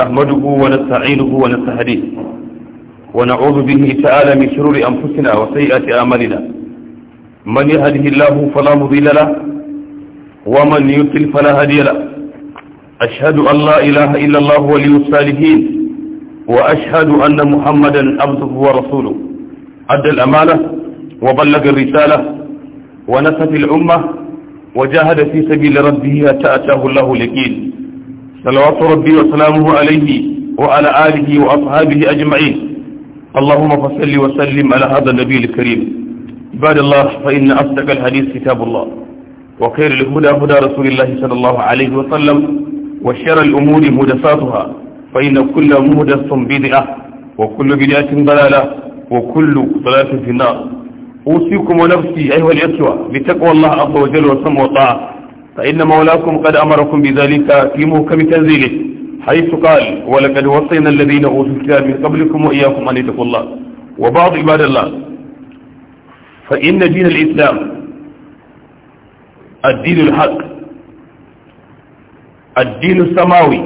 نحمده ونستعينه ونستهديه ونعوذ به تعالى من شرور أنفسنا وسيئات أعمالنا من يهده الله فلا مضل له ومن يضلل فلا هادي له أشهد أن لا إله إلا الله ولي الصالحين وأشهد أن محمدا عبده ورسوله أدى الأمانة وبلغ الرسالة ونسف الأمة وجاهد في سبيل ربه حتى أتاه الله اليقين صلوات ربي وسلامه عليه وعلى آله وأصحابه أجمعين اللهم فصل وسلم على هذا النبي الكريم عباد الله فإن أصدق الحديث كتاب الله وخير الهدى هدى رسول الله صلى الله عليه وسلم وشر الأمور مدساتها فإن كل مهدس بدعة وكل بدعة ضلالة وكل ضلالة في النار أوصيكم ونفسي أيها الإخوة بتقوى الله عز وجل وسمع وطاعة فإن مولاكم قد أمركم بذلك في محكم تنزيله حيث قال ولقد وصينا الذين أوتوا الكتاب من قبلكم وإياكم أن يتقوا الله وبعض عباد الله فإن دين الإسلام الدين الحق الدين السماوي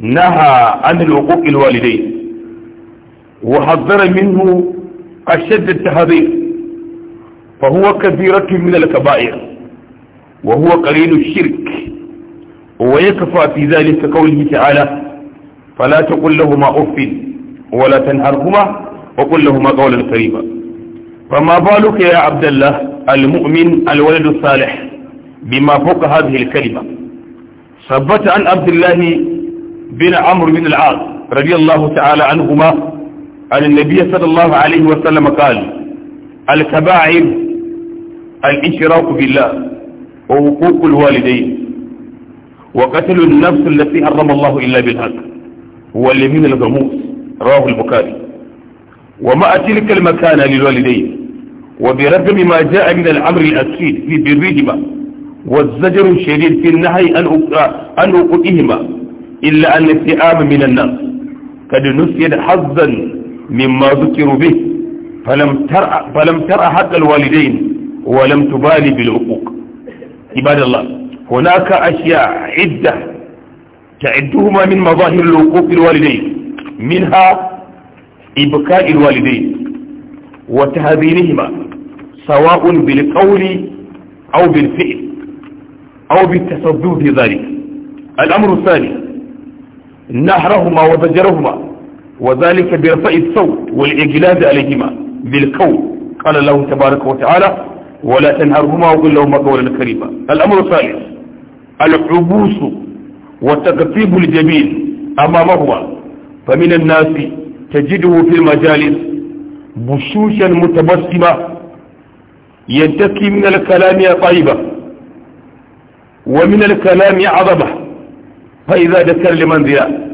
نهى عن العقوق الوالدين وحذر منه أشد التحذير فهو كثيرة من الكبائر وهو قرين الشرك ويكفى في ذلك قوله تعالى فلا تقل لهما أف ولا تنهرهما وقل لهما قولا كريما فما بالك يا عبد الله المؤمن الولد الصالح بما فوق هذه الكلمة ثبت عن عبد الله بن عمرو بن العاص رضي الله تعالى عنهما أن عن النبي صلى الله عليه وسلم قال الكباعب الإشراك بالله وحقوق الوالدين وقتل النفس التي حرم الله إلا بالحق اليمين الغموس رواه البخاري ومع تلك المكانة للوالدين وبرغم ما جاء من الأمر الأكيد في برهما والزجر الشديد في النهي أن أقوئهما إلا أن الثئام من الناس قد نسيت حظا مما ذكروا به فلم ترأ, فلم ترأ حق الوالدين ولم تبالي بالعقوق عباد الله هناك أشياء عدة تعدهما من مظاهر الوقوف الوالدين منها إبكاء الوالدين وتهذيبهما سواء بالقول أو بالفعل أو بالتصدر في ذلك الأمر الثاني نهرهما وضجرهما وذلك برفع الصوت والإجلاد عليهما بالقول قال الله تبارك وتعالى ولا تنهرهما وقل لهما قولا كريما الأمر الثالث العبوس وتقطيب الجميل أمامهما فمن الناس تجده في المجالس بشوشا متبسمة ينتكي من الكلام طيبة ومن الكلام عظمة فإذا ذكر لمن ذا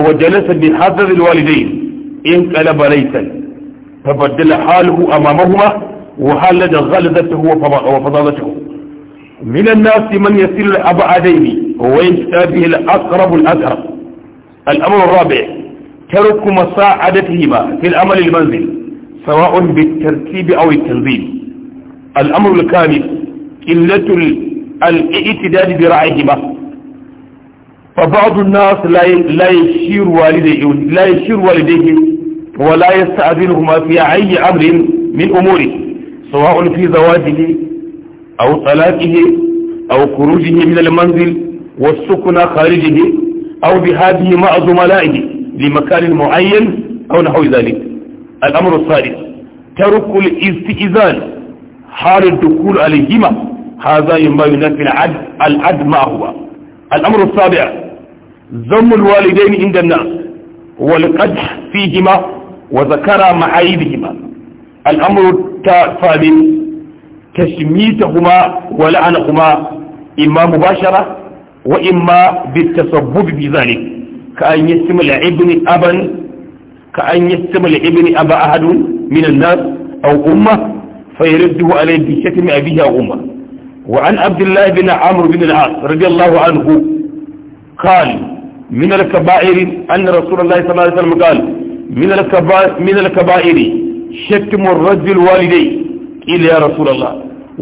وجلس بحذر الوالدين انقلب ليسا فبدل حاله أمامهما لدى غلظته وفظاظته من الناس من يسير الأبعدين وينتابه به الأقرب الأقرب الأمر الرابع ترك مساعدتهما في الأمل المنزل سواء بالترتيب أو التنظيم الأمر الكامل قلة الاعتداد برعيهما فبعض الناس لا يشير والديه لا يشير والديه ولا يستأذنهما في أي أمر من أموره سواء في زواجه أو طلاقه أو خروجه من المنزل والسكن خارجه أو بهذه مع زملائه لمكان معين أو نحو ذلك الأمر الثالث ترك الاستئذان حال الدخول عليهما هذا ينبغي ينافي العد العد معهما الأمر السابع ذم الوالدين عند الناس والقدح فيهما وذكر معايبهما الأمر ta fadi ta shimita kuma wal'ana kuma mubashara wa imma bi tasabbubi bi zalik ka an yastamla ibni aban ka an yastamla ibni nas aw umma fa yaridu alayhi bi shatmi abihi aw umma wa an abdullah bin amr bin al-as radiyallahu anhu قال من الكبائر أن رسول الله صلى الله عليه وسلم قال من الكبائر, شتم الرجل والديه قيل يا رسول الله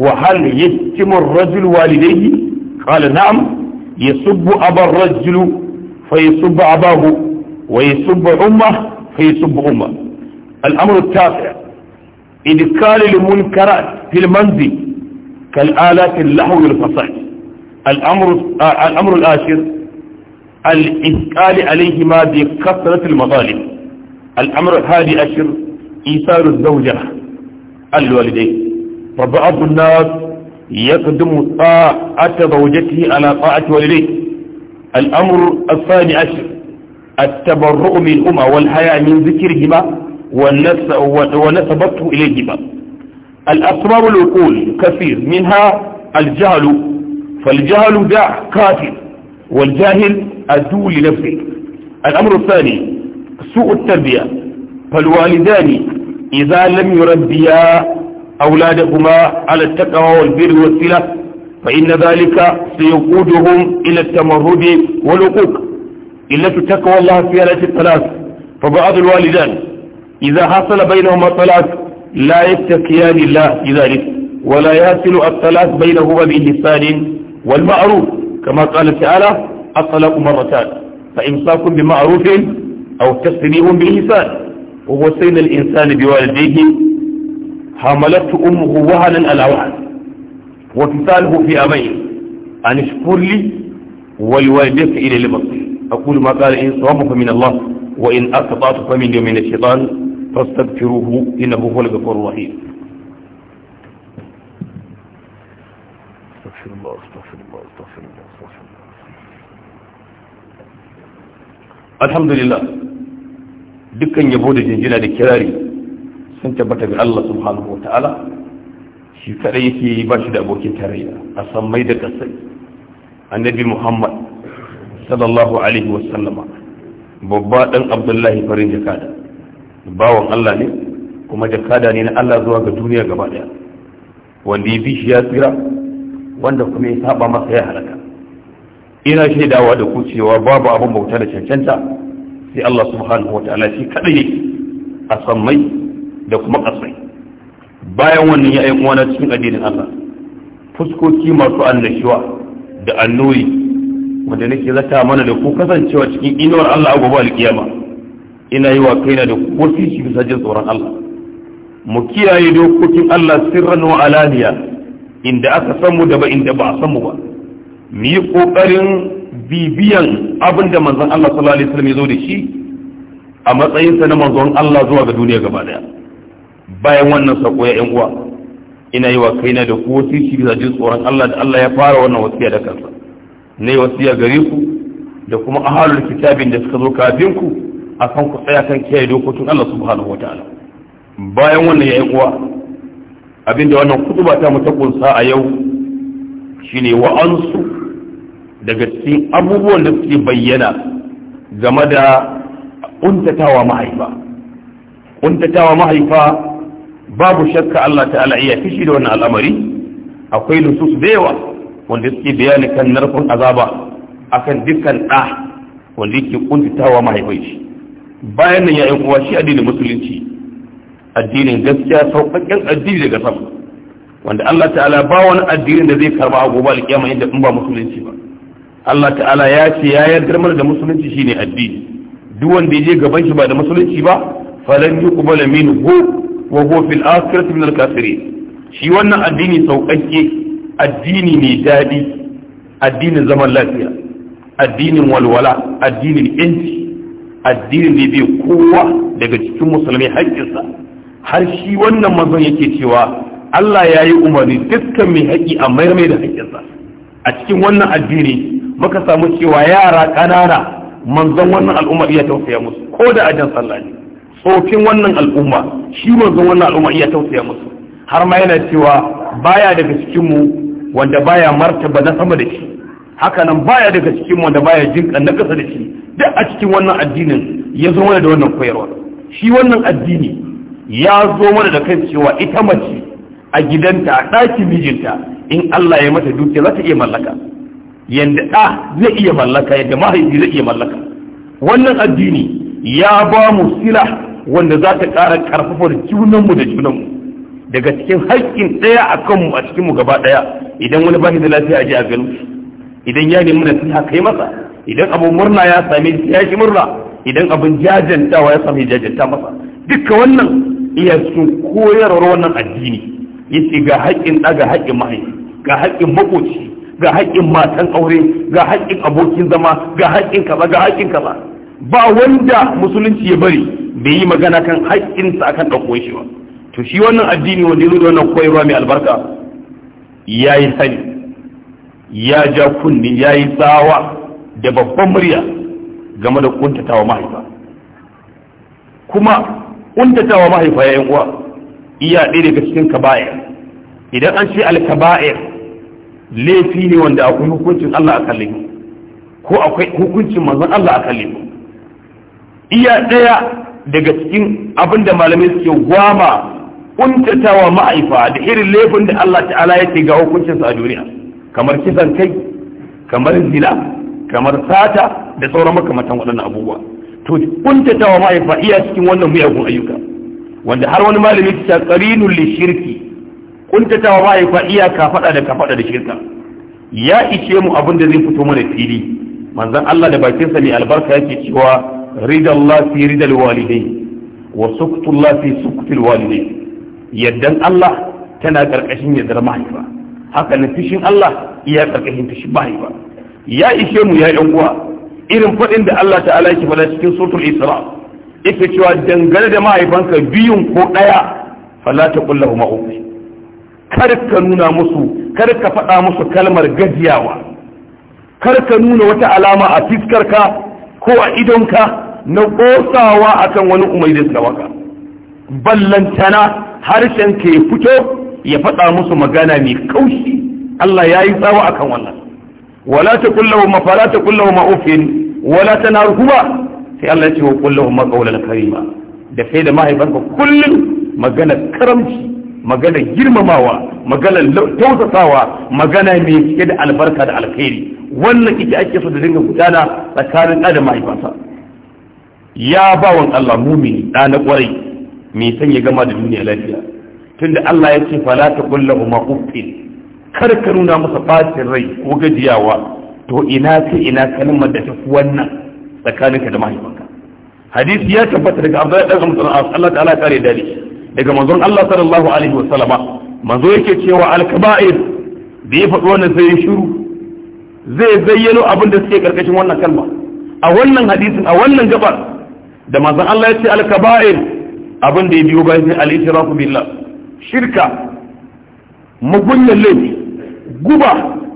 وهل يشتم الرجل والديه قال نعم يسب أبا الرجل فيسب أباه ويسب أمه فيسب أمه الأمر التاسع إدخال المنكرات في المنزل كالآلات اللحو والفصاد الأمر الأمر العاشر الإثقال عليهما بكثرة المظالم الأمر الهادي عشر إيثار الزوجة الوالدين فبعض الناس يقدم طاعة زوجته على طاعة والديه الأمر الثاني عشر التبرؤ منهما والحياء من ذكرهما ونسبته إليهما الأسباب العقول كثير منها الجهل فالجهل داع كافر والجاهل عدو لنفسه الأمر الثاني سوء التربية فالوالدان إذا لم يربيا أولادهما على التقوى والبر والصلة فإن ذلك سيقودهم إلى التمرد والوقوق إلا تتقوى الله في آلة الثلاث فبعض الوالدان إذا حصل بينهما طلاق لا يتقيان الله ذلك ولا يصل الطلاق بينهما بإحسان والمعروف كما قال تعالى الطلاق مرتان فإمساك بمعروف أو تسليم بإحسان ووصينا الإنسان بوالديه حملته أمه وهنا على وهن وفصاله في أمين أن اشكر لي ولوالديك إلى المصير أقول ما قال إن صوم من الله وإن أخطأت فمن من الشيطان فاستغفروه إنه هو الغفور الرحيم استغفر الله استغفر الله استغفر الله استغفر الله الحمد لله dukkan yabo da jinjina da kirari sun tabbata ga Allah subhanahu wa ta'ala shi kadai yake ba shi da abokin tarayya a sammai da kasai annabi muhammad sallallahu alaihi wa sallama babba dan abdullahi farin jakada bawan Allah ne kuma jakada ne na Allah zuwa ga duniya gaba daya wanda ya bi shi ya tsira wanda kuma ya saba masa ya halaka ina shaidawa da ku cewa babu abin bauta da cancanta sai Allah subhanahu wataala shi kadai ne a sammai da kuma kasai bayan wannan ya ayyuka wani cikin addinin Allah fuskoki masu annashuwa da annuri wanda nake zata mana da ku kasancewa cikin inuwar Allah a gobe alkiyama ina yi wa kaina da kofi shi bisa jin tsoron Allah mu kiyaye dokokin Allah sirran wa alaniya inda aka san mu da ba inda ba a san mu ba mu yi kokarin bibiyan abin da manzon Allah sallallahu alaihi wasallam ya zo da shi a matsayinsa na manzon Allah zuwa ga duniya gaba daya bayan wannan sako ya yan uwa ina yi wa kaina da ku wasiki bisa jin tsoron Allah da Allah ya fara wannan wasiya da kansa ne wasiya gare ku da kuma ahalul kitabin da suka zo kafin ku akan ku tsaya kan kiyaye dokokin Allah subhanahu wataala bayan wannan ya yan uwa abinda wannan kutuba ta mu ta kunsa a yau shine wa ansu daga cikin abubuwan da suke bayyana game da ƙuntatawa mahaifa ƙuntatawa mahaifa babu shakka Allah ta'ala iya fishi da wannan al'amari akwai nusus da yawa wanda suke bayani kan narkon azaba akan dukkan ɗa wanda yake ƙuntatawa mahaifai shi bayan nan ya'yan uwa shi addinin musulunci addinin gaskiya sauƙaƙƙen addini daga sama wanda Allah ta'ala ba wani addinin da zai karba a gobe alƙiyama yadda in ba musulunci ba Allah ta'ala ya ce ya yarda mana da musulunci shine addini duk wanda je gaban shi ba da musulunci ba falan yuqbala minhu wa huwa fil akhirati min al-kafirin shi wannan addini saukakke addini mai dadi addinin zaman lafiya addinin walwala addinin yanci addinin da bai kowa daga cikin musulmi haƙƙinsa har shi wannan mazan yake cewa Allah ya yi umarni dukkan mai haƙƙi a mayar mai da haƙƙinsa a cikin wannan addini muka samu cewa yara ƙanana manzon wannan al'umma iya tausaya musu ko da ajan sallah ne tsofin wannan al'umma shi manzon wannan al'umma iya tausaya musu har ma yana cewa baya daga cikin mu wanda baya martaba na sama da shi haka nan baya daga cikin mu wanda baya jinkan na kasa da shi duk a cikin wannan addinin ya zo mana da wannan koyarwa shi wannan addini ya zo mana da kan cewa ita mace a gidanta a ɗakin mijinta in Allah ya mata dukiya za ta iya mallaka yadda ɗa zai iya mallaka yadda mahaifi zai iya mallaka wannan addini ya ba mu sila wanda za ta ƙara ƙarfafar junanmu da junanmu daga cikin haƙƙin ɗaya a kanmu a cikinmu gaba ɗaya idan wani ba da lafiya a ji a gano shi idan ya nemi na suna kai masa idan abin murna ya same shi ya shi murna idan abin jajantawa ya same jajanta masa dukkan wannan iya sun koyarwar wannan addini yace ga haƙƙin ɗa ga haƙƙin mahaifi ga haƙƙin maƙoci ga haƙƙin matan aure ga haƙƙin abokin zama ga haƙƙin kaza ga haƙƙin kaza ba wanda musulunci ya bari bai yi magana kan haƙƙinsa akan ɗauko shi ba to shi wannan addini wanda ya da wannan koyarwa mai albarka ya yi sani ya ja kunni ya yi tsawa da babban murya game da kuntatawa mahaifa kuma kuntatawa mahaifa ya uwa iya ɗaya daga cikin kaba'ir idan an ce alkaba'ir laifi ne wanda akwai hukuncin Allah a kalle ko akwai hukuncin manzon Allah a kalle iya daya daga cikin abinda malamai suke gwama kuntatawa ma'aifa da irin laifin da Allah ta'ala ya ce ga hukuncinsa a duniya kamar kisan kai kamar zina kamar sata da sauran makamantan waɗannan abubuwa to kuntatawa ma'aifa iya cikin wannan muyagun ayyuka wanda har wani malami ta qarinul lishirki kuntatawa mahaifa iyaka faɗa da ka faɗa da shirka ya ishe mu abin da zai fito mana fili manzon Allah da bakinsa ne albarka yake cewa ridallah fi ridal walidai wa suktullah fi suktil walidai yaddan Allah tana karkashin yaddar mahaifa haka na fishin Allah iya karkashin fishin mahaifa ya ishe mu ya yan uwa irin fadin da Allah ta'ala yake faɗa cikin suratul Isra yake cewa dangane da mahaifanka biyun ko ɗaya fala ta kullahu ma'ufi kar ka nuna musu kar ka faɗa musu kalmar gajiyawa kar ka nuna wata alama a fiskarka ko a idonka na ƙosawa akan wani umairis na waka ballantana harshen ka ya fito ya faɗa musu magana mai kaushi Allah ya yi tsawa akan wannan wala ta kullawa ma fala ta kullawa ma ofin wala ta narhuma sai Allah ya ce wa kullawa ma kaulan karima da sai da mahaifanka kullum magana karamci magana girmamawa magana tausasawa magana mai cike da albarka da alkhairi wannan ita ake so da dinga gudana tsakanin ɗa da mahaifansa ya bawan Allah mumini da na ƙwarai mai san ya gama da duniya lafiya tunda Allah ya ce fala ta kulla ma uffin kar ka nuna masa bacin rai ko gajiyawa to ina ka ina kalmar da tafi wannan tsakaninka da mahaifanka hadisi ya tabbata daga Abdullahi dan Allah ta'ala kare dalili daga manzon Allah sallallahu alaihi wa sallama manzo yake cewa al-kaba'ir da ya faɗi wannan sai ya shiru zai zayyano abin da suke karkashin wannan kalma a wannan hadisin a wannan gabar da manzon Allah ya ce al-kaba'ir abin da ya biyo bayan sai al-ishraku billah shirka mugunyan laifi guba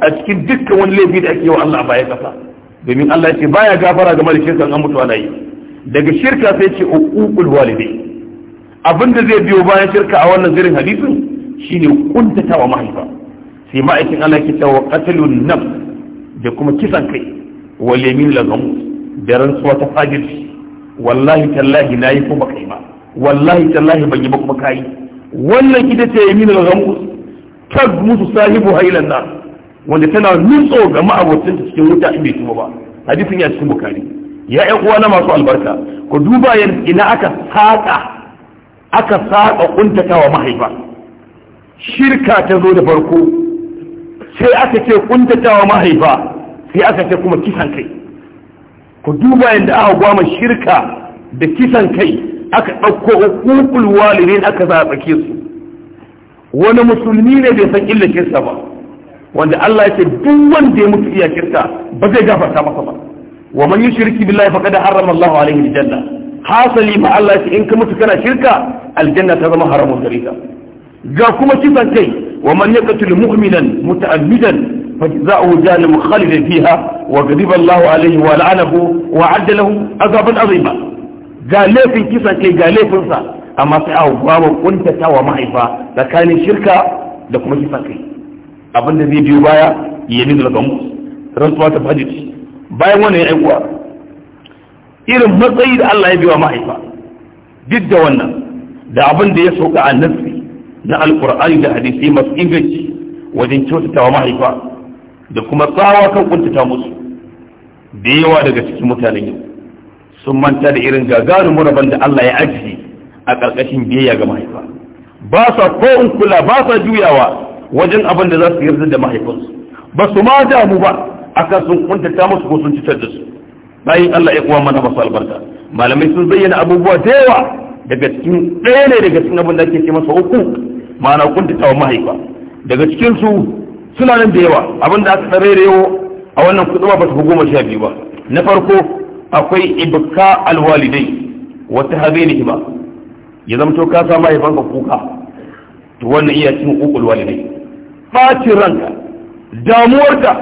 a cikin dukkan wani laifi da ake yi wa Allah a kasa domin Allah ya ce baya gafara game da shirkan an mutu ana yi daga shirka sai ce uqul walidai abin da zai biyo bayan shirka a wannan zirin hadisin shine kuntata wa mahaifa sai ma'aikin Allah ke cewa qatlun nafs da kuma kisan kai wal yamin la gamus da rantsuwa ta fajirci wallahi tallahi nayi kuma kai ma wallahi tallahi ban yi ba kuma kai wannan ita ce yamin la gamus tag musu sahibu hailan na wanda tana nutso ga ma'abocin ta cikin wuta in bai tuba ba hadisin ya cikin bukari ya ƴan uwa na masu albarka ku duba ina aka saƙa aka saba kuntata wa mahaifa shirka ta zo da farko sai aka ce kuntata wa mahaifa sai aka ce kuma kisan kai ku duba yadda aka gwama shirka da kisan kai aka ɗauko hukukul walidin aka zaɓake su wani musulmi ne bai san illa shirka ba wanda Allah ya ce duk wanda ya mutu iya ba zai gafarta masa ba wa man yushriku billahi faqad harrama Allahu alaihi aljanna hasali ma Allah ce in ka mutu kana shirka aljanna ta zama haramun gare ka ga kuma kisan kai wa man yaqtul mu'minan muta'ammidan فجزاؤه جهنم خالدا فيها وغضب الله عليه ولعنه وعد له عذابا عظيما ga laifin kisan kai ga laifinsa amma sai a babu kuntata wa mahaifa tsakanin shirka da kuma kisan kai abinda zai biyo baya ya nuna daga mu rantsuwa ta fajiti bayan wannan yan uwa irin matsayi da Allah ya biwa mahaifa duk da wannan da abin da ya sauka a nassi na alkur'ani da hadisi masu inganci wajen kyautatawa mahaifa da kuma tsawa kan kuntata musu da yawa daga cikin mutanen yau sun manta da irin gagarumin rabon da Allah ya ajiye a ƙarƙashin biyayya ga mahaifa ba sa ko in kula ba sa juyawa wajen abin da za su yarda da mahaifinsu ba su ma damu ba akan sun kuntata musu ko sun cutar da su bayin Allah ya kuwa mana masu albarka malamai sun zayyana abubuwa da yawa daga cikin ɗaya ne daga cikin abin da ake ce masa uku ma'ana kuntatawa mahaifa daga cikin su suna nan da yawa abin da aka tsare yawo a wannan kuɗuwa ba su goma sha biyu ba na farko akwai ibka alwalidai wata habe ne ba ya zamto ka sa mahaifanka kuka to wannan iya cikin uku alwalidai ɓacin ranka damuwarka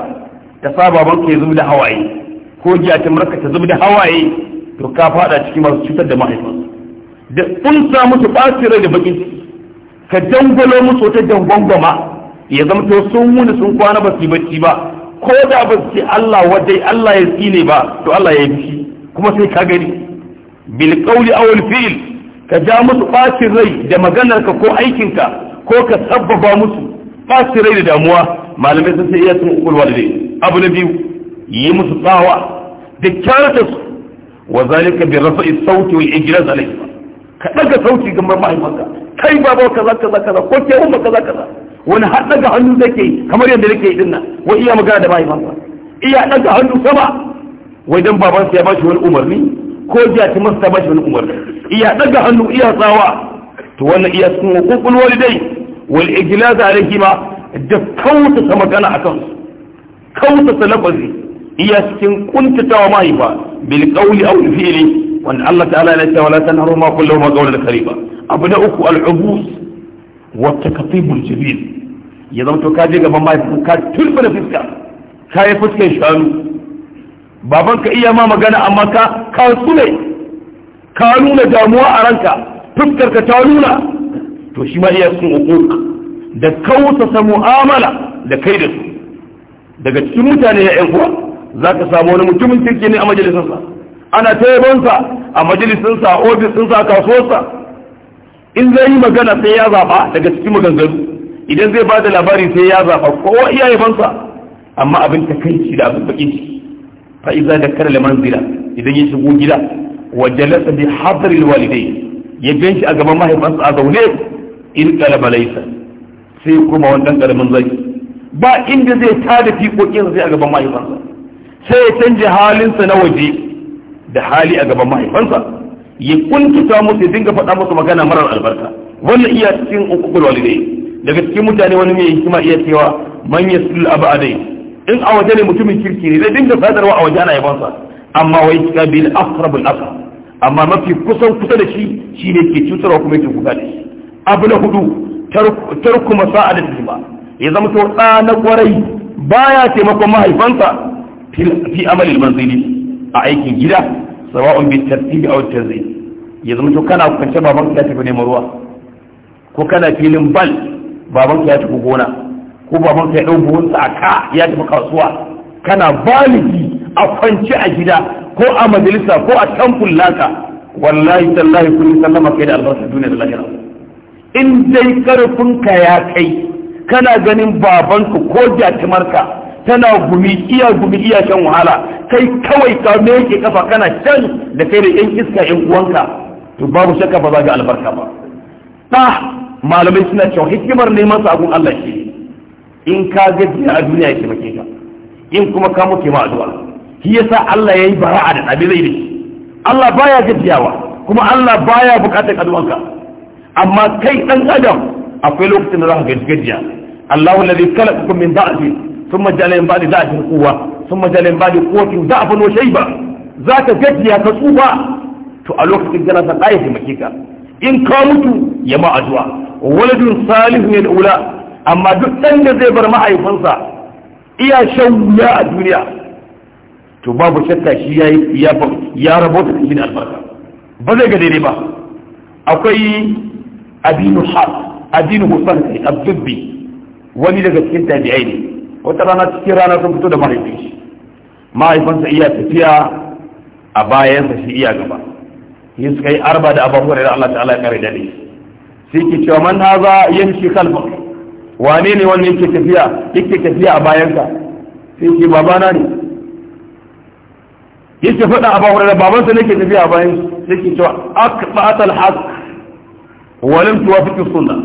ta sa babanka ya zubi da hawaye ko ta marka ta zubi da hawaye to ka fada cikin masu cutar da mahaifansu da samu musu ɓacin rai da bakin ciki ka dangwalo musu wata dangwangwama ya zama to sun wuni sun kwana ba su bacci ba ko da ba su Allah wadai Allah ya tsine ba to Allah ya yi kuma sai ka gani bil qawli aw al fi'l ka ja musu bacin rai da maganar ka ko aikin ka ko ka sabbaba musu bacin rai da damuwa malamai sun sai iya sun ukul abu na biyu yi musu tsawa da kyarta su wa zalika bi rafa'i sauti wal ijraz alayhi ka daga sauti ga mahaifanka kai baba kaza kaza kaza ko ke umma kaza kaza wani har daga hannu take kamar yadda nake yi dinnan wai iya magana da mahaifanka iya daga hannu sama wai dan babansa ya bashi wani umarni ko jati masa ta bashi wani umarni iya daga hannu iya tsawa to wannan iya sun hukukul walidai wal ijlaz alayhi ma da kauta magana akan su kauta lafazi iya cikin kuntatawa mahaifa bil qawli aw fi'li wanda Allah ta'ala ya ce wala tanharu ma kullu ma qawlan kariba abu na uku al ubus wa takfibul ya zama to kaje gaban mahaifa ka tulba da ka yi fuskar shanu Babanka iya ma magana amma ka ka sule ka nuna damuwa a ranka fuskar ta nuna to shi ma iya sun uquq da kausa mu'amala da kai daga cikin mutane ya yan uwa za ka samu wani mutumin kirki ne a majalisarsa ana taimonsa a majalisarsa a ofisinsa a kasuwarsa in zai yi magana sai ya zaɓa daga cikin maganganu idan zai ba da labari sai ya zaɓa kowa iya yabansa amma abin ta shi da abin bakin shi fa'iza da kare zira idan ya shigo gida wa jalasa bi hadaril walidai ya gan shi a gaban mahaifansa a zaune in kalaba laisa sai kuma wannan karamin zaki ba inda zai tada fiƙoƙinsa sai a gaban mahaifansa sai ya canja halinsa na waje da hali a gaban mahaifansa ya kuntata musu ya dinga faɗa musu magana marar albarka wannan iya cikin ukukul walidai daga cikin mutane wani mai hikima iya cewa man yasul abadai in a waje ne mutumin kirki ne zai dinga sadarwa a waje ana yabansa amma wai ka bil aqrabul aqrab amma mafi kusan kusa da shi shi ne ke cutarwa kuma yake kuka da shi abu na hudu tarku masa'adatul ba ya zama to na kwarai baya taimakon mahaifansa fi amali manzili a aikin gida sawa'un bi tartibi aw tanzil ya zama to kana kwance baban ka tafi neman ruwa ko kana filin bal baban ka ya tafi gona ko baban ka ya dau buhunsa a ka ya tafi kasuwa kana baligi a kwance a gida ko a majalisa ko a tamful laka wallahi tallahi kun sallama kai da albarka duniya da lahira in dai karfin ka ya kai kana ganin babanka ko jatimarka tana gumi iya gumi iya shan wahala kai kawai ka meke kafa kana can da kai da yan iska yan uwanka to babu shakka ba za ga albarka ba ta malamai suna cewa hikimar neman sabon Allah shi in ka gajiya a duniya ya taimake ka in kuma ka muke ma addu'a shi yasa Allah yayi bara'a da abin zai yi Allah baya gajiyawa kuma Allah baya bukatar addu'anka amma kai dan adam akwai lokacin da za ka gajiya Allahu alladhi khalaqakum min da'fin ثم جعل من بعد ذلك القوة ثم جعل من بعد قوة ضعفا وشيبة ذاك جديا تصوبا تألوك في الجنة آية مكيكا إن قامت يما أدوا ولد صالح من الأولى أما دكتن زي برمع يفنسا إيا شويا الدنيا تباب شكا شيا يا يا ربوت من البركة بذلك ديري با أقوي أدين الحق أدين حسن الضبي وني لغا كنت أدعيني wata rana cikin rana sun fito da mahaifin shi mahaifinsa iya tafiya a bayansa shi iya gaba yi suka yi arba da abubuwan da Allah ta'ala ya kare da shi ke cewa man haza yamshi kalfa wane ne wannan yake tafiya yake tafiya a bayanka sai ke babana ne yake faɗa a babu da babansa ke tafiya a bayan sai ke cewa akbatal haq walam tuwafiqi sunna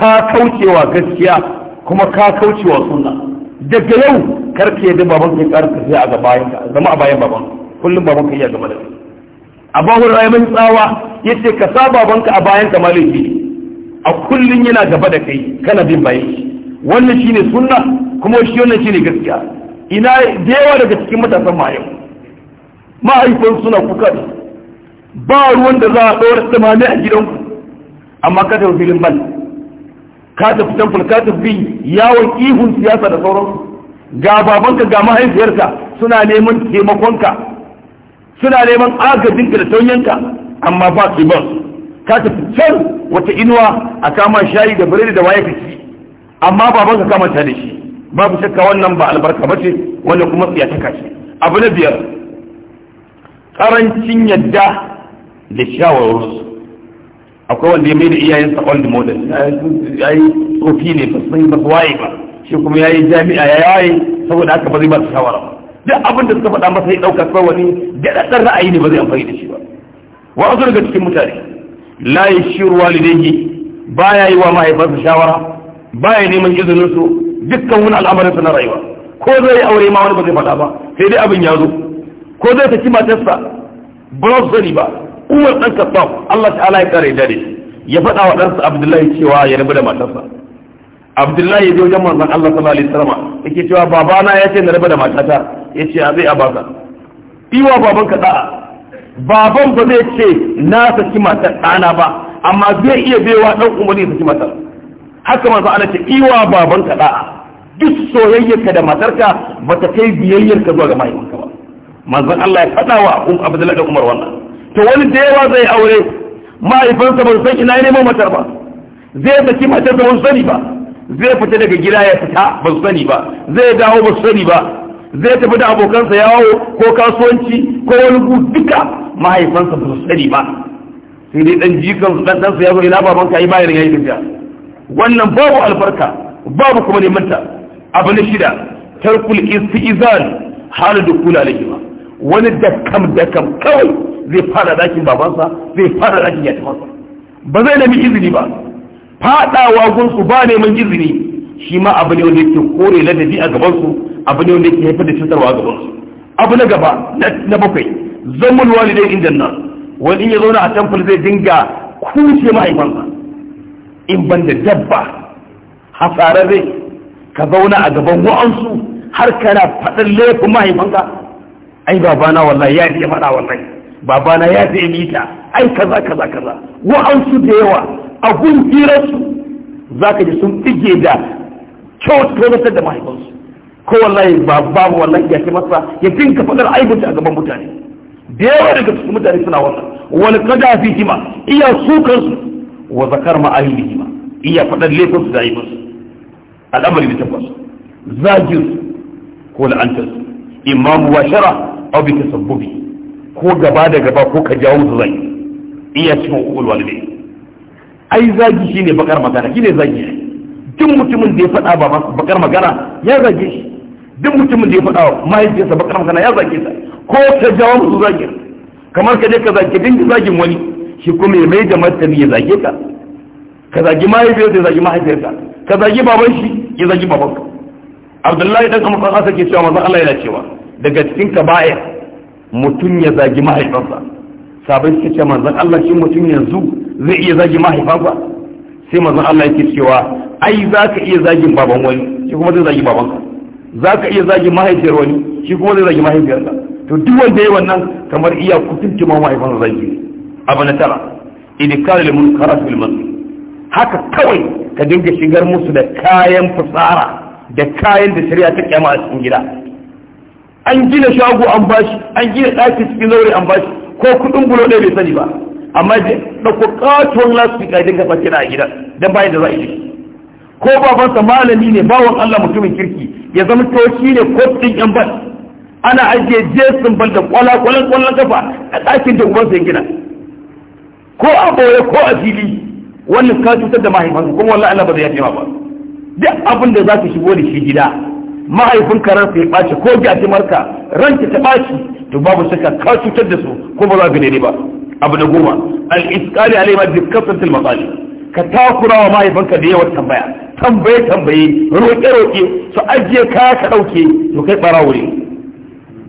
ka kaucewa gaskiya kuma ka kaucewa sunna daga yau karka yadda baban ka ƙara a a bayan ka zama a bayan baban kullum baban ka iya gaba da kai abu hurairu mai tsawa yace ka sa baban ka a bayan ka maliki a kullum yana gaba da kai kana bin bayan shi wannan shine sunna kuma shi wannan shine gaskiya ina da yawa daga cikin matasan ma yau ma'aikatan suna kuka ba ruwan da za a ɗora tsamani a gidanku amma kada ku filin bal ka tafi katif ka tafi yawon ihun siyasa da sauransu ga babanka ga mahaifiyarka suna neman taimakonka suna neman agajinka da taunyanka amma ba su ba ka tafi can wata inuwa a kama shayi da biredi da waye ka amma babanka kama ta da shi babu shakka wannan ba albarka ba ce wanda kuma tsiya ta kashe abu na biyar karancin yadda da shawararsu akwai wanda ya mai da sa old model ya yi tsofi ne ba sai ba waye ba shi kuma ya yi jami'a ya yaye saboda haka ba zai ba su shawara ba duk abin da suka faɗa masa ya ɗauka kawai wani daɗaɗɗen ra'ayi ne ba zai amfani da shi ba wa azu daga cikin mutane la yashiru ba ya yi wa mahaifarsa shawara ba ya neman izinin su dukkan wani al'amarin sa na rayuwa ko zai aure ma wani ba zai faɗa ba sai dai abin ya zo ko zai saki matarsa ba za su ba umar dan kasam Allah ta'ala ya kare dare ya faɗa wa ɗansa abdullahi cewa ya rabu da matarsa abdullahi ya je wajen manzon Allah sallallahu alaihi wasallam yake cewa babana ya ce na rabu da matata yace a zai abaka iwa baban ka da'a baban ba zai ce na saki matar ɗana ba amma zai iya baiwa dan umar ya saki matar haka manzo Allah ce iwa baban ka da'a duk soyayyarka da matarka bata kai biyayyarka zuwa ga mahaifinka ba manzon Allah ya faɗa wa Abdullahi da Umar wannan to wani da yawa zai aure mahaifinsa ba su san ina neman matar ba zai saki matar ba sani ba zai fita daga gida ya fita ba su sani ba zai dawo ba su sani ba zai tafi da abokansa yawo ko kasuwanci ko wani gu duka mahaifansa ba su sani ba sai dai dan jikan dan dan ya zo ina baban ka yi ya yi tafiya wannan babu albarka babu kuma neman ta abu na shida tarkul istizan halu dukula alaihima wani dakam dakam kawai zai fara dakin babansa zai fara dakin tafasa ba zai nemi izini ba fadawa gunsu ba neman izini shi ma abu ne wanda yake kore ladabi a gabansu abu ne wanda yake haifar da cutarwa a gabansu abu na gaba na bakwai zammul walidai inda nan wani in ya zauna a tamfil zai dinga kuce mahaifansa in ban da dabba hasararre ka zauna a gaban wa'ansu har kana faɗin laifin mahaifanka ai babana wallahi ya iya fada wallahi babana ya fi mita ai kaza kaza kaza su da yawa a gun hirarsu za zaka ji sun fige da kyautar da mahaifinsu ko wallahi babu wallahi ya ce masa ya dinka fadar aibinta a gaban mutane da yawa daga cikin mutane suna wannan wani kada fi jima iya su wa zakar ma ahli jima iya faɗar su da musu al'amari da tabbas zagin ko la'antarsu imamu wa shara aw bi tasabbubi ko gaba da gaba ko ka jawo musu zagi iya cikin ukul walidai ai zagi shine bakar magana shine zagi duk mutumin da ya faɗa ba bakar magana ya zage shi duk mutumin da ya faɗa mahaifiyarsa bakar magana ya zage ta ko ta jawo musu zagin kamar ka je ka zage din zagin wani shi kuma ya mai da martani ya zage ka ka zagi mahaifiyarsa ya zagi mahaifiyarsa ka zagi baban shi ya zagi baban abdullahi dan kamar kasa asake cewa manzon Allah yana cewa daga cikin kaba'ir mutum ya zagi mahaifansa sabai suka ce manzon Allah shi mutum yanzu zai iya zagi mahaifansa sai manzon Allah yake cewa ai za ka iya zagin baban wani shi kuma zai zagi babanka za ka iya zagin mahaifiyar wani shi kuma zai zagi mahaifiyarsa to duk wanda ya wannan kamar iya kutunci ma mahaifansa zagi ne abu na tara ka da mun kara fil haka kawai ka dinga shigar musu da kayan fitsara da kayan da shari'a ta kyama a cikin gida an gina shago an bashi an gina ɗaki cikin zaure an bashi ko kuɗin bulo ɗaya bai sani ba amma da ɗauko ƙatuwan ka dinga ka na a gidan don bayan da za a yi ko babansa malami ne bawan Allah mutumin kirki ya zama toshi ne ko ɗin yan ba ana ajiye jesun bal da kwalakwalan kwallon kafa a ɗakin da ubansa ya gina ko a boye ko a fili wannan ka cutar da mahaifansa kuma wallahi Allah ba zai yafe ma ba duk abin da za ka shigo da shi gida mahaifin karar ya ɓaci ko gyatimarka ranki ta ɓaci to babu shakka ka cutar da su ko ba za ka daidai ba abu da goma al-isqali alayhi ma dikkatul al-masali ka takura wa mahaifinka da yawan tambaya tambaye tambaye roƙe roƙe su ajiye kaya ka ɗauke to kai ɓarawo ne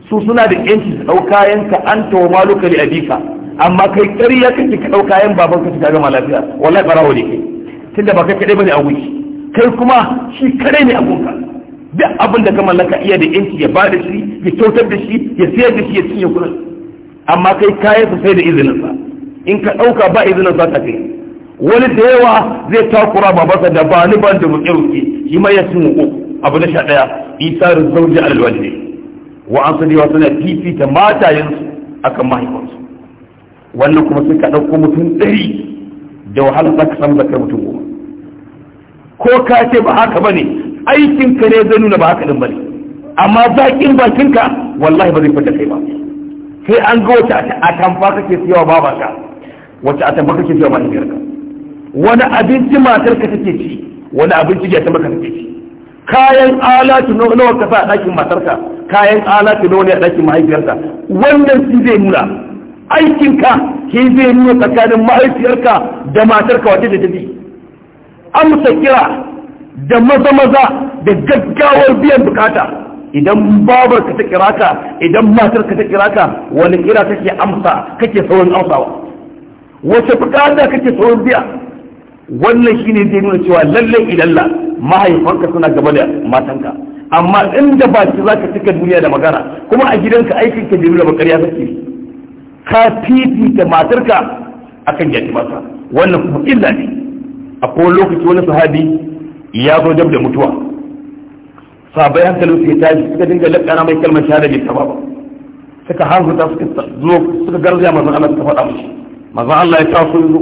su suna da yanci su ɗau ka an tawo maluka li abika amma kai ƙarya kake ka ɗau kayan baban su ta gama lafiya wallahi ɓarawo ne kai tunda ba kai kaɗai bane a wuce kai kuma shi kaɗai ne abunka duk abin da ka mallaka iya da yanki ya bada shi ya kyautar da shi ya sayar da shi ya cinye kuɗin amma kai kayan su sai da izinin sa in ka ɗauka ba izinin sa ta kai wani da yawa zai takura babansa da ba ni ban da mu kyauke shi ma ya cin wuko abu na sha daya isa rizauji alwalde wa an sani wa suna fifita matayensu a kan mahaifansu wannan kuma sai ka ɗauko mutum ɗari da wahala za ka samu zakar mutum goma ko ka ce ba haka ba ne aikin ka ne zai nuna ba haka din bane amma zakin bakin ka wallahi ba zai fita kai ba sai an ga wata tamfa kake siyawa babanka wata tamfa kake siyawa ka wani abinci ka take ci wani abinci ya tabbata take ci kayan alatu nawa ka sa a ɗakin ka kayan alatu nawa ne a ɗakin ka wannan shi zai nuna aikinka shi zai nuna tsakanin ka da ka wata da tafi amsa kira da maza maza da gaggawar biyan bukata idan babar ka ta kira ka idan matar ka ta kira ka wani kira kake amsa kake saurin amsawa wace bukata kake saurin biya wannan shine zai nuna cewa lallai ilalla mahaifanka suna gaba da matanka amma inda ba ki zaka cika duniya da magana kuma a gidanka aikin ka jiru da ya sake ka fifita matarka akan yaki masa wannan kuma illa ne a kowane lokaci wani sahabi ya zo dab da mutuwa sabai hankalin su ya tashi suka dinga lakana mai kalmar shahada bai taba ba suka hanzuta suka zo suka garzaya manzon Allah suka faɗa mushi manzon Allah ya taso zo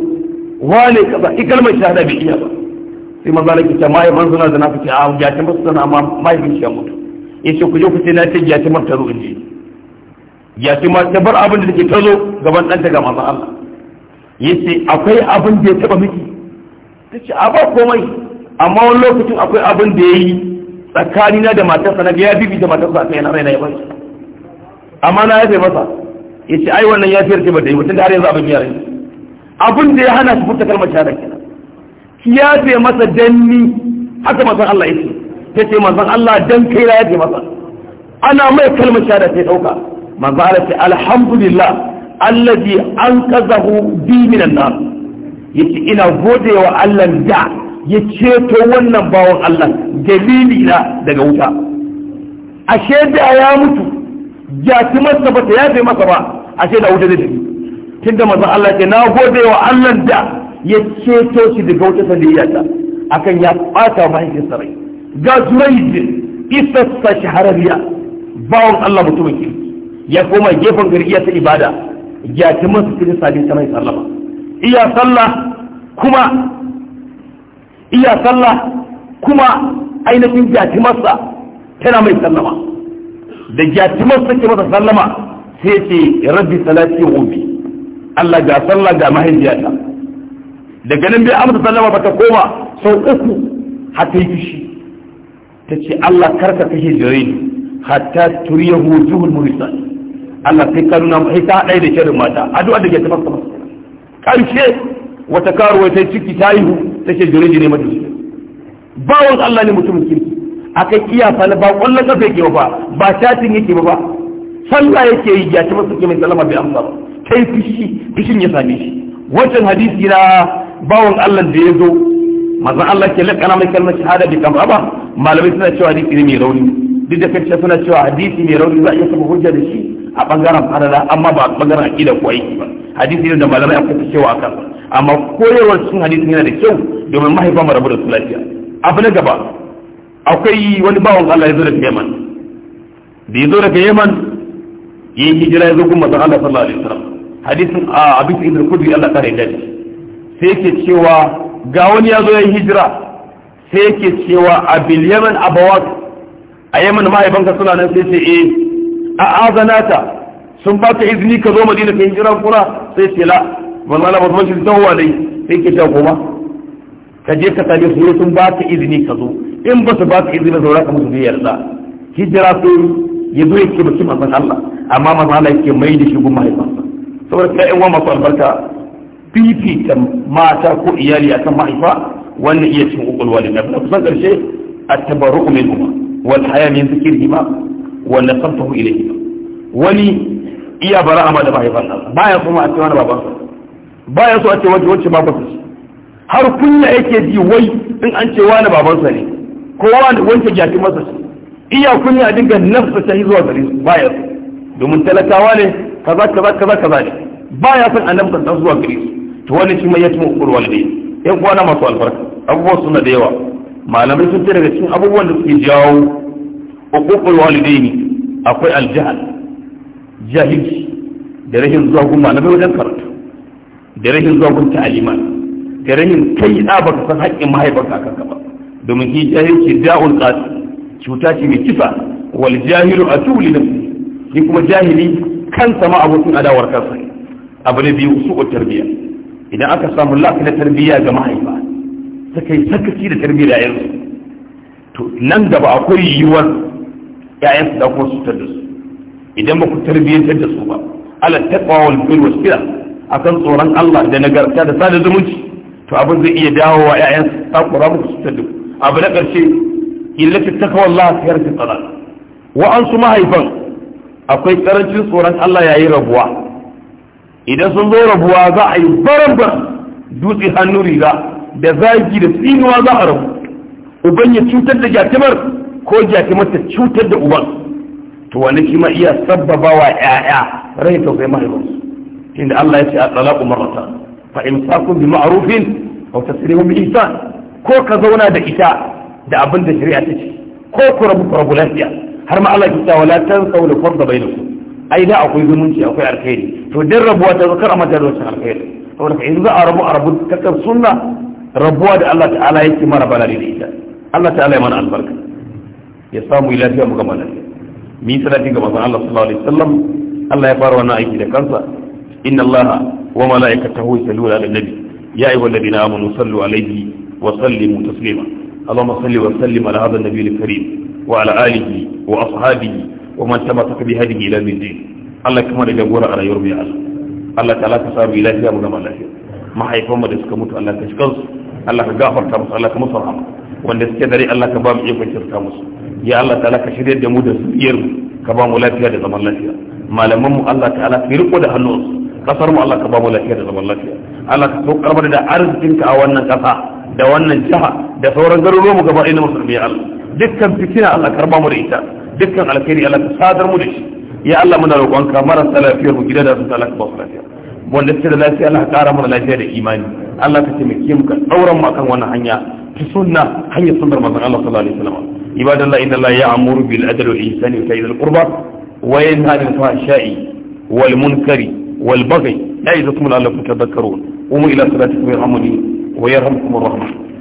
wane ba ki kalmar shahada bai iya ba sai manzon Allah ya ce mai manzon da na fice a ya ce sana amma mai bin shi mutu ce ku je ku ce na ce ya ce ta zo inji ya ce ma ta bar abin da take tazo gaban dan ga manzon Allah yace akwai abin da ya taba miki tace a ba komai amma wani lokacin akwai abin da ya yi tsakanina da matarsa na ga ya bibi da matarsa a kai na raina ya bai amma na yafe masa ya ce ai wannan ya fiye da ta yi mutum da har yanzu abin yare abin da ya hana shi furta kalmar shahada kenan ki ya fiye masa dan ni haka manzon Allah yake ta ce manzon Allah dan kai ya fiye masa ana mai kalmar shahada ta dauka manzon Allah ce alhamdulillah allazi anqazahu bi minan nar yace ina godewa Allah da ya ceto wannan bawan Allah dalili na daga wuta ashe da ya mutu masa ba ta yafe masa ba ashe da wuta zai tafi tunda manzon Allah ce na gode wa Allah da ya ceto shi daga wuta ta akan ya ɓata mahaifinsa rai ga zuraidin isassa shahararriya bawan Allah mutumin kirki ya koma gefen gargiya ta ibada jatumarsa kirista ne ta mai sallama iya sallah kuma iya sallah kuma ainihin jatimarsa tana mai sallama da jatimarsa ke masa sallama sai ce rabbi salati ubi Allah ga sallah ga mahaifiyata daga nan bai amsa sallama ba ta koma sau uku har ta yi fushi ta ce Allah karka kashe jire ni hatta turiyahu juhul muhsan Allah sai ka nuna mai ta ɗaya da shirin mata addu'a da ke tafasa masa karshe wata karuwa ta ciki ta yi take jure jire mata shi bawon Allah ne mutum kirki akai kiyafa na ba kwallon kafa yake ba ba shatin yake ba ba sallah yake yi ya ci masa kimin salama bai amsa ba kai fishi fishin ya same shi wancan hadisi na bawon Allah da ya zo manzon Allah ke na mai kalmar shahada bi kamar ba malamai suna cewa hadisi ne mai rauni duk da kace suna cewa hadisi mai rauni za a iya kafa hujja da shi a bangaren farala amma ba a bangaren akida ko aiki ba hadisi ne da malamai akwai cewa akan amma koyarwar cikin hadisin yana da kyau domin mahaifa mara da su lafiya abu na gaba akwai wani bawan Allah ya zo daga Yaman da ya zo daga Yaman ya yi hijira ya zo kuma manzon Allah sallallahu alaihi wasallam hadisin a abin ibn kudri Allah kare da shi sai yake cewa ga wani ya zo ya yi hijira sai yake cewa a bil Yaman abawak a Yaman mahaifanka suna nan sai ce eh a azanata sun ba ka izini ka zo madina ka hijira kura sai ce la manzo Allah ba shi tawo alai sai ke ta koma ka je ka same su sun ba ka izini ka zo in ba su ba ka izini ba zaura ka musu biyar da hijira sai ya zo yake baki manzon Allah amma manzon Allah yake mai da shi gun mahaifansa saboda kai ƴan uwa masu albarka ta mata ko iyali akan mahaifa wannan iya cin kokolwa ne na kusan karshe at-tabarru'u minhuma wal haya min zikrihima wa nasabtuhu ilayhima wani iya bara amma da mahaifan Allah baya kuma a cewa da babansa baya so a ce wace wacce babu shi har kunya yake ji wai in an ce wani babansa ne ko wani wanke jaki masa shi iya kunya dinga nafsa ta zuwa gare su baya so domin talakawa ne kaza kaza kaza kaza ne baya son a nafsa ta zuwa gare su to wani shi mai ukuru wani dai yan kwana masu albarka abubuwan suna da yawa malamai sun ce daga cikin abubuwan da suke jawo uququl walidaini akwai aljahal jahilci da rahin zuwa na bai wajen karatu da rahin zuwa gunta aliman da rahin kai da baka san haƙƙin mahaifarka akan ka ba domin shi jahilci da'ul qasi cuta ce mai kisa wal jahilu atuli nafsi shi kuma jahili kansa ma abokin adawar kansa abu na biyu su tarbiyya idan aka samu lafiya na tarbiyya ga mahaifa ta kai sakaci da tarbiyya da yanzu to nan gaba akwai yiwuwar ƴaƴan su da kuma su da su idan ba ku tarbiyyantar da su ba ala taqwa wal bir wasila akan tsoron Allah da nagarta da sada zumunci to abin zai iya dawo wa ƴaƴan takura muku su tadu abu na ƙarshe illati takwa fi harfi tsala wa an su mahaifan akwai karancin tsoron Allah yayi rabuwa idan sun zo rabuwa za a yi barambar dutse hannu riga da zagi da tsinuwa za a rabu uban ya cutar da jakimar ko jakimar ta cutar da uban to wani shi iya sabbaba wa ƴaƴa rai tausayi mahaifansu inda Allah ya ce a talaku marrata fa in imsakun bi ma'rufin aw sire bi ihsan ko ka zauna da ita da abin da shari'a ta ce ko ku rabu ku har ma Allah ya ce wala tansaw li farda bainakum ai da akwai zumunci akwai alkhairi to din rabuwa ta zakar a mata da wancan alkhairi saboda in za a rabu a rabu ta kan sunna rabuwa da Allah ta'ala yake mara bala da ita Allah ta'ala ya mana albarka ya samu lafiya mu gama lafiya mi salati ga manzon Allah sallallahu alaihi wasallam Allah ya fara wannan aiki da kansa inna allaha wa malaikatahu yusalluna ala nabi ya ayyuhalladhina amanu sallu alayhi wa sallimu taslima اللهم صل وسلم على هذا النبي الكريم وعلى آله وأصحابه ومن تمسك بهذه إلى من دين الله كما رجبور على يرمي الله الله تعالى كسار إلهي أبو نمى الله ما حيكم مدسك موت الله كشكز الله كغافر كمس الله كمصر عم واندسك داري الله كبام يكون شركا مصر يا الله تعالى كشريد دمود الزبير كبام لا فيها دزم الله فيها ما لمم الله تعالى في رقود هنوص kasar mu Allah ka ba mu lafiya da zaman lafiya Allah ka so karbar da arzikinka a wannan kasa da wannan jiha da sauran garuruwa mu gaba ɗaya na musulmi Allah dukkan fitina Allah karba mu da ita dukkan alkhairi Allah ka sadar mu da shi ya Allah muna ka marasa lafiyar mu gida da su talaka ba su lafiya wanda suke da lafiya Allah ka ƙara mana lafiya da imani Allah ka taimake mu ka tsauran mu akan wannan hanya ta sunna hanyar sunnar manzon Allah sallallahu alaihi wasallam ibadallah inna Allah ya'muru bil adli wal ihsani wa ta'idil qurba wa yanha 'anil fahsha'i wal munkari والبغي لا يعظكم لعلكم تذكرون قوموا إلى صلاتكم يرحمني ويرحمكم الرحمن